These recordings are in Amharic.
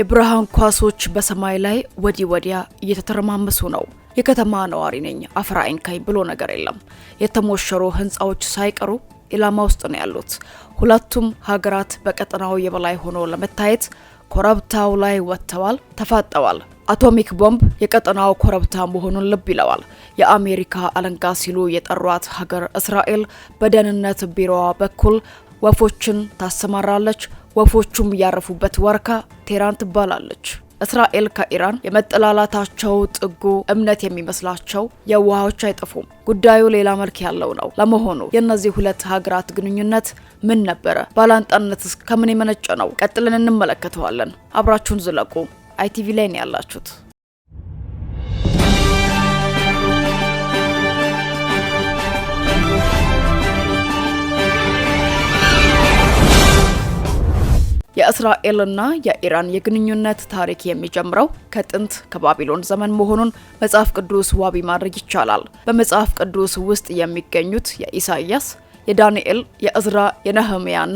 የብርሃን ኳሶች በሰማይ ላይ ወዲህ ወዲያ እየተተረማመሱ ነው። የከተማ ነዋሪ ነኝ አፈር አይንካኝ ብሎ ነገር የለም። የተሞሸሩ ህንፃዎች ሳይቀሩ ኢላማ ውስጥ ነው ያሉት። ሁለቱም ሀገራት በቀጠናው የበላይ ሆኖ ለመታየት ኮረብታው ላይ ወጥተዋል፣ ተፋጠዋል። አቶሚክ ቦምብ የቀጠናው ኮረብታ መሆኑን ልብ ይለዋል። የአሜሪካ አለንጋ ሲሉ የጠሯት ሀገር እስራኤል በደህንነት ቢሮዋ በኩል ወፎችን ታሰማራለች ወፎቹም ያረፉበት ወርካ ቴራን ትባላለች። እስራኤል ከኢራን የመጠላላታቸው ጥጉ እምነት የሚመስላቸው የውሃዎች አይጠፉም። ጉዳዩ ሌላ መልክ ያለው ነው። ለመሆኑ የእነዚህ ሁለት ሀገራት ግንኙነት ምን ነበረ? ባላንጣነትስ ከምን የመነጨ ነው? ቀጥለን እንመለከተዋለን። አብራችሁን ዝለቁ። አይቲቪ ላይ ነው ያላችሁት። የእስራኤልና የኢራን የግንኙነት ታሪክ የሚጀምረው ከጥንት ከባቢሎን ዘመን መሆኑን መጽሐፍ ቅዱስ ዋቢ ማድረግ ይቻላል። በመጽሐፍ ቅዱስ ውስጥ የሚገኙት የኢሳይያስ የዳንኤል የእዝራ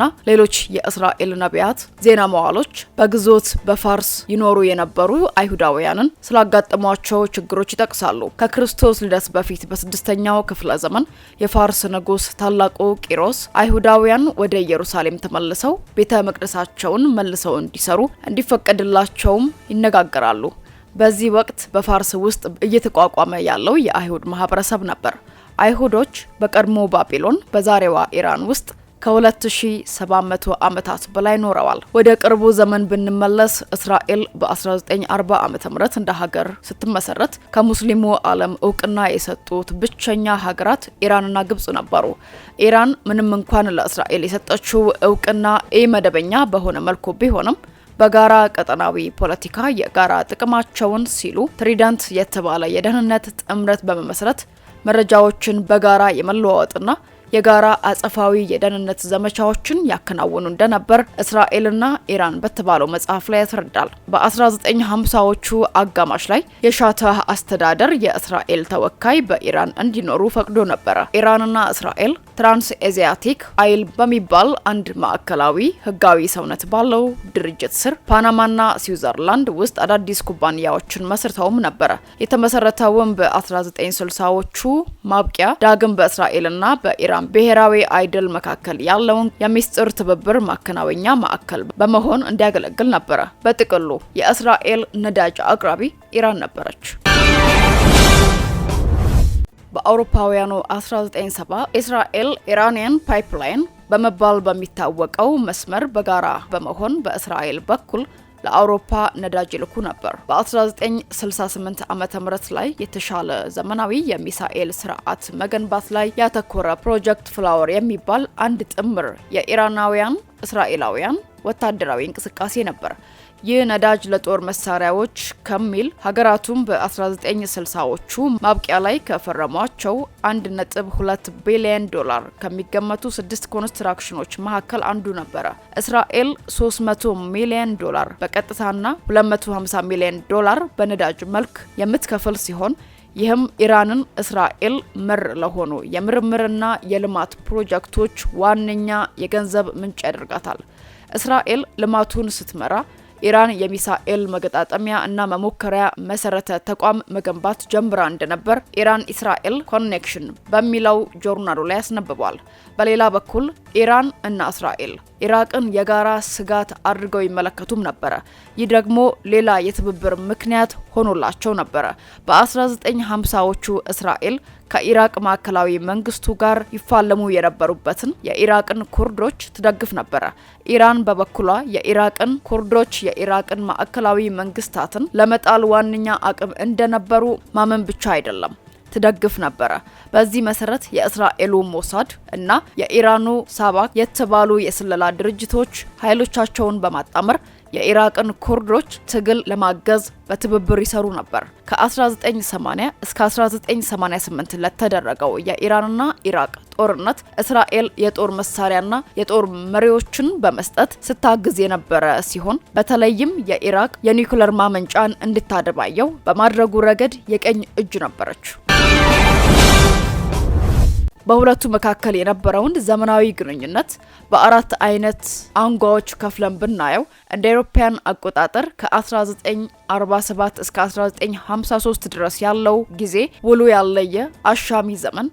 ና ሌሎች የእስራኤል ነቢያት ዜና መዋሎች በግዞት በፋርስ ይኖሩ የነበሩ አይሁዳውያንን ስላጋጠሟቸው ችግሮች ይጠቅሳሉ። ከክርስቶስ ልደት በፊት በስድስተኛው ክፍለ ዘመን የፋርስ ንጉሥ ታላቁ ቂሮስ አይሁዳውያን ወደ ኢየሩሳሌም ተመልሰው ቤተ መቅደሳቸውን መልሰው እንዲሰሩ እንዲፈቀድላቸውም ይነጋገራሉ። በዚህ ወቅት በፋርስ ውስጥ እየተቋቋመ ያለው የአይሁድ ማህበረሰብ ነበር። አይሁዶች በቀድሞ ባቢሎን በዛሬዋ ኢራን ውስጥ ከ2700 ዓመታት በላይ ኖረዋል። ወደ ቅርቡ ዘመን ብንመለስ እስራኤል በ1940 ዓ ም እንደ ሀገር ስትመሰረት ከሙስሊሙ ዓለም እውቅና የሰጡት ብቸኛ ሀገራት ኢራንና ግብጽ ነበሩ። ኢራን ምንም እንኳን ለእስራኤል የሰጠችው እውቅና ኢመደበኛ በሆነ መልኩ ቢሆንም በጋራ ቀጠናዊ ፖለቲካ የጋራ ጥቅማቸውን ሲሉ ትሪደንት የተባለ የደህንነት ጥምረት በመመስረት መረጃዎችን በጋራ የመለዋወጥና የጋራ አጸፋዊ የደህንነት ዘመቻዎችን ያከናውኑ እንደነበር እስራኤልና ኢራን በተባለው መጽሐፍ ላይ ያስረዳል። በ1950ዎቹ አጋማሽ ላይ የሻታህ አስተዳደር የእስራኤል ተወካይ በኢራን እንዲኖሩ ፈቅዶ ነበረ። ኢራንና እስራኤል ትራንስ ኤዚያቲክ አይል በሚባል አንድ ማዕከላዊ ህጋዊ ሰውነት ባለው ድርጅት ስር ፓናማና ስዊዘርላንድ ውስጥ አዳዲስ ኩባንያዎችን መስርተውም ነበረ። የተመሰረተውም በ1960ዎቹ ማብቂያ ዳግም በእስራኤልና በኢራን ብሔራዊ አይድል መካከል ያለውን የሚስጥር ትብብር ማከናወኛ ማዕከል በመሆን እንዲያገለግል ነበረ። በጥቅሉ የእስራኤል ነዳጅ አቅራቢ ኢራን ነበረች። በአውሮፓውያኑ 1970 እስራኤል ኢራንያን ፓይፕላይን በመባል በሚታወቀው መስመር በጋራ በመሆን በእስራኤል በኩል ለአውሮፓ ነዳጅ ይልኩ ነበር። በ1968 ዓ ም ላይ የተሻለ ዘመናዊ የሚሳኤል ስርዓት መገንባት ላይ ያተኮረ ፕሮጀክት ፍላወር የሚባል አንድ ጥምር የኢራናውያን እስራኤላውያን ወታደራዊ እንቅስቃሴ ነበር። ይህ ነዳጅ ለጦር መሳሪያዎች ከሚል ሀገራቱም በ1960ዎቹ ማብቂያ ላይ ከፈረሟቸው 1.2 ቢሊዮን ዶላር ከሚገመቱ ስድስት ኮንስትራክሽኖች መካከል አንዱ ነበረ። እስራኤል 300 ሚሊዮን ዶላር በቀጥታና 250 ሚሊዮን ዶላር በነዳጅ መልክ የምትከፍል ሲሆን ይህም ኢራንን እስራኤል መር ለሆኑ የምርምርና የልማት ፕሮጀክቶች ዋነኛ የገንዘብ ምንጭ ያደርጋታል። እስራኤል ልማቱን ስትመራ ኢራን የሚሳኤል መገጣጠሚያ እና መሞከሪያ መሰረተ ተቋም መገንባት ጀምራ እንደነበር ኢራን ኢስራኤል ኮኔክሽን በሚለው ጆርናሉ ላይ አስነብቧል። በሌላ በኩል ኢራን እና እስራኤል ኢራቅን የጋራ ስጋት አድርገው ይመለከቱም ነበረ። ይህ ደግሞ ሌላ የትብብር ምክንያት ሆኖላቸው ነበረ። በ1950ዎቹ እስራኤል ከኢራቅ ማዕከላዊ መንግስቱ ጋር ይፋለሙ የነበሩበትን የኢራቅን ኩርዶች ትደግፍ ነበረ። ኢራን በበኩሏ የኢራቅን ኩርዶች የኢራቅን ማዕከላዊ መንግስታትን ለመጣል ዋነኛ አቅም እንደነበሩ ማመን ብቻ አይደለም ትደግፍ ነበረ። በዚህ መሰረት የእስራኤሉ ሞሳድ እና የኢራኑ ሳባክ የተባሉ የስለላ ድርጅቶች ኃይሎቻቸውን በማጣመር የኢራቅን ኩርዶች ትግል ለማገዝ በትብብር ይሰሩ ነበር። ከ1980 እስከ 1988 ለተደረገው የኢራንና ኢራቅ ጦርነት እስራኤል የጦር መሳሪያና የጦር መሪዎችን በመስጠት ስታግዝ የነበረ ሲሆን በተለይም የኢራቅ የኒውክለር ማመንጫን እንድታደባየው በማድረጉ ረገድ የቀኝ እጅ ነበረች። በሁለቱ መካከል የነበረውን ዘመናዊ ግንኙነት በአራት አይነት አንጓዎች ከፍለን ብናየው እንደ ኤሮፓያን አቆጣጠር ከ1947 እስከ 1953 ድረስ ያለው ጊዜ ውሉ ያለየ አሻሚ ዘመን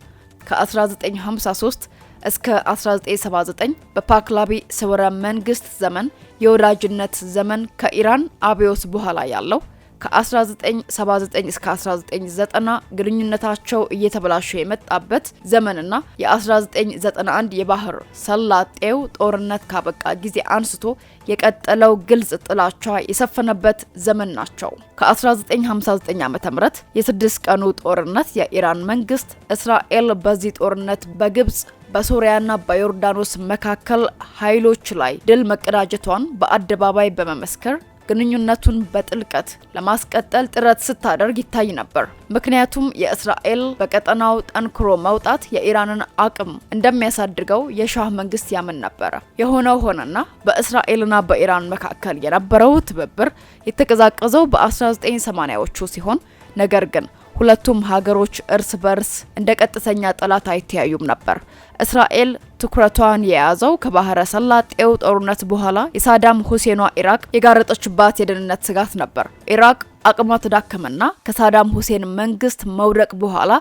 ከ1953 እስከ 1979 በፓክላቢ ስውረ መንግስት ዘመን የወዳጅነት ዘመን ከኢራን አብዮት በኋላ ያለው ከ1979 እስከ 1990 ግንኙነታቸው እየተበላሸ የመጣበት ዘመንና የ1991 የባህር ሰላጤው ጦርነት ካበቃ ጊዜ አንስቶ የቀጠለው ግልጽ ጥላቻ የሰፈነበት ዘመን ናቸው። ከ1959 ዓ ም የስድስት ቀኑ ጦርነት የኢራን መንግስት እስራኤል በዚህ ጦርነት በግብጽ በሶሪያና በዮርዳኖስ መካከል ኃይሎች ላይ ድል መቀዳጀቷን በአደባባይ በመመስከር ግንኙነቱን በጥልቀት ለማስቀጠል ጥረት ስታደርግ ይታይ ነበር። ምክንያቱም የእስራኤል በቀጠናው ጠንክሮ መውጣት የኢራንን አቅም እንደሚያሳድገው የሻህ መንግስት ያምን ነበረ። የሆነው ሆነና በእስራኤልና በኢራን መካከል የነበረው ትብብር የተቀዛቀዘው በ1980ዎቹ ሲሆን ነገር ግን ሁለቱም ሀገሮች እርስ በርስ እንደ ቀጥተኛ ጠላት አይተያዩም ነበር። እስራኤል ትኩረቷን የያዘው ከባህረ ሰላጤው ጦርነት በኋላ የሳዳም ሁሴኗ ኢራቅ የጋረጠችባት የደህንነት ስጋት ነበር። ኢራቅ አቅሟ ተዳከመና ከሳዳም ሁሴን መንግስት መውደቅ በኋላ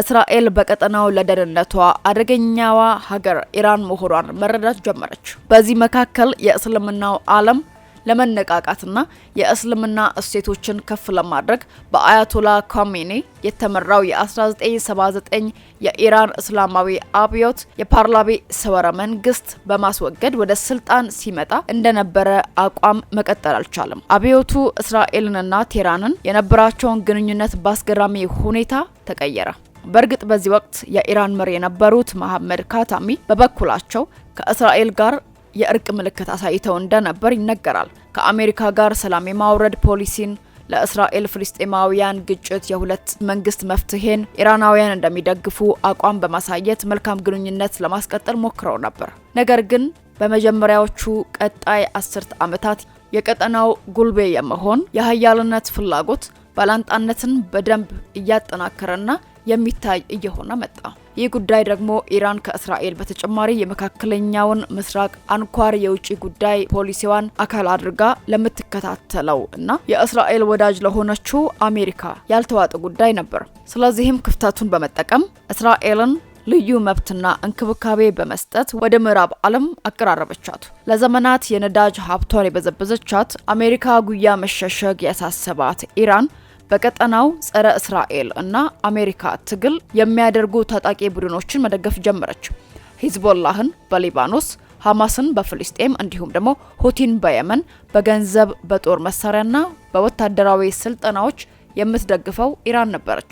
እስራኤል በቀጠናው ለደህንነቷ አደገኛዋ ሀገር ኢራን መሆኗን መረዳት ጀመረች። በዚህ መካከል የእስልምናው ዓለም ለመነቃቃትና የእስልምና እሴቶችን ከፍ ለማድረግ በአያቶላ ካሜኔ የተመራው የ1979 የኢራን እስላማዊ አብዮት የፓርላቤ ስወረ መንግስት በማስወገድ ወደ ስልጣን ሲመጣ እንደነበረ አቋም መቀጠል አልቻለም። አብዮቱ እስራኤልንና ቴራንን የነበራቸውን ግንኙነት በአስገራሚ ሁኔታ ተቀየረ። በእርግጥ በዚህ ወቅት የኢራን መሪ የነበሩት መሐመድ ካታሚ በበኩላቸው ከእስራኤል ጋር የእርቅ ምልክት አሳይተው እንደነበር ይነገራል። ከአሜሪካ ጋር ሰላም የማውረድ ፖሊሲን ለእስራኤል ፍልስጤማውያን ግጭት የሁለት መንግስት መፍትሄን ኢራናውያን እንደሚደግፉ አቋም በማሳየት መልካም ግንኙነት ለማስቀጠል ሞክረው ነበር። ነገር ግን በመጀመሪያዎቹ ቀጣይ አስርት ዓመታት የቀጠናው ጉልቤ የመሆን የሀያልነት ፍላጎት ባላንጣነትን በደንብ እያጠናከረና የሚታይ እየሆነ መጣ። ይህ ጉዳይ ደግሞ ኢራን ከእስራኤል በተጨማሪ የመካከለኛውን ምስራቅ አንኳር የውጭ ጉዳይ ፖሊሲዋን አካል አድርጋ ለምትከታተለው እና የእስራኤል ወዳጅ ለሆነችው አሜሪካ ያልተዋጠ ጉዳይ ነበር። ስለዚህም ክፍተቱን በመጠቀም እስራኤልን ልዩ መብትና እንክብካቤ በመስጠት ወደ ምዕራብ ዓለም አቀራረበቻት። ለዘመናት የነዳጅ ሀብቷን የበዘበዘቻት አሜሪካ ጉያ መሸሸግ ያሳሰባት ኢራን በቀጠናው ጸረ እስራኤል እና አሜሪካ ትግል የሚያደርጉ ታጣቂ ቡድኖችን መደገፍ ጀመረች። ሂዝቦላህን በሊባኖስ ሐማስን በፍልስጤም እንዲሁም ደግሞ ሁቲን በየመን በገንዘብ በጦር መሳሪያና በወታደራዊ ስልጠናዎች የምትደግፈው ኢራን ነበረች።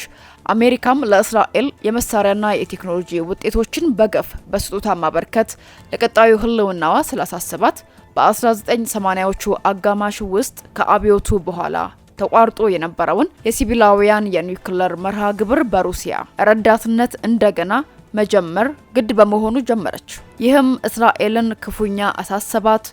አሜሪካም ለእስራኤል የመሳሪያና የቴክኖሎጂ ውጤቶችን በገፍ በስጦታ ማበርከት ለቀጣዩ ህልውናዋ ስላሳሰባት በ1980ዎቹ አጋማሽ ውስጥ ከአብዮቱ በኋላ ተቋርጦ የነበረውን የሲቪላውያን የኒውክለር መርሃ ግብር በሩሲያ ረዳትነት እንደገና መጀመር ግድ በመሆኑ ጀመረች። ይህም እስራኤልን ክፉኛ አሳሰባት።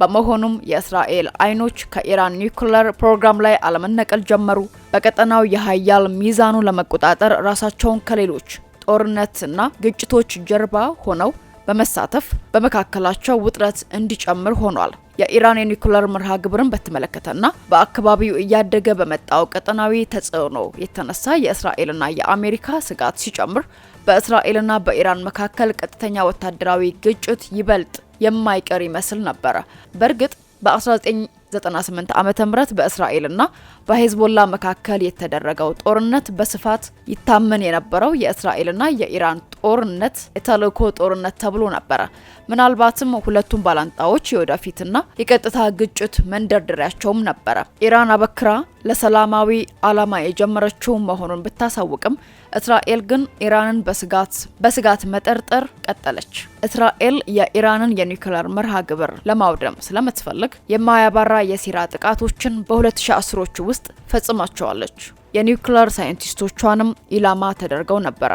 በመሆኑም የእስራኤል አይኖች ከኢራን ኒውክለር ፕሮግራም ላይ አለመነቀል ጀመሩ። በቀጠናው የሀያል ሚዛኑ ለመቆጣጠር ራሳቸውን ከሌሎች ጦርነትና ግጭቶች ጀርባ ሆነው በመሳተፍ በመካከላቸው ውጥረት እንዲጨምር ሆኗል። የኢራን የኒኩለር መርሃ ግብርን በተመለከተና በአካባቢው እያደገ በመጣው ቀጠናዊ ተጽዕኖ የተነሳ የእስራኤልና የአሜሪካ ስጋት ሲጨምር በእስራኤልና በኢራን መካከል ቀጥተኛ ወታደራዊ ግጭት ይበልጥ የማይቀር ይመስል ነበረ። በእርግጥ በ19 98 ዓመተ ምህረት በእስራኤልና በሄዝቦላ መካከል የተደረገው ጦርነት በስፋት ይታመን የነበረው የእስራኤልና የኢራን ጦርነት የተልእኮ ጦርነት ተብሎ ነበረ። ምናልባትም ሁለቱም ባላንጣዎች የወደፊትና የቀጥታ ግጭት መንደርደሪያቸውም ነበረ። ኢራን አበክራ ለሰላማዊ ዓላማ የጀመረችው መሆኑን ብታሳውቅም እስራኤል ግን ኢራንን በስጋት በስጋት መጠርጠር ቀጠለች። እስራኤል የኢራንን የኒውክሌር መርሃ ግብር ለማውደም ስለምትፈልግ የማያባራ የሴራ ጥቃቶችን በ2010ዎቹ ውስጥ ፈጽማቸዋለች። የኒውክሌር ሳይንቲስቶቿንም ኢላማ ተደርገው ነበረ።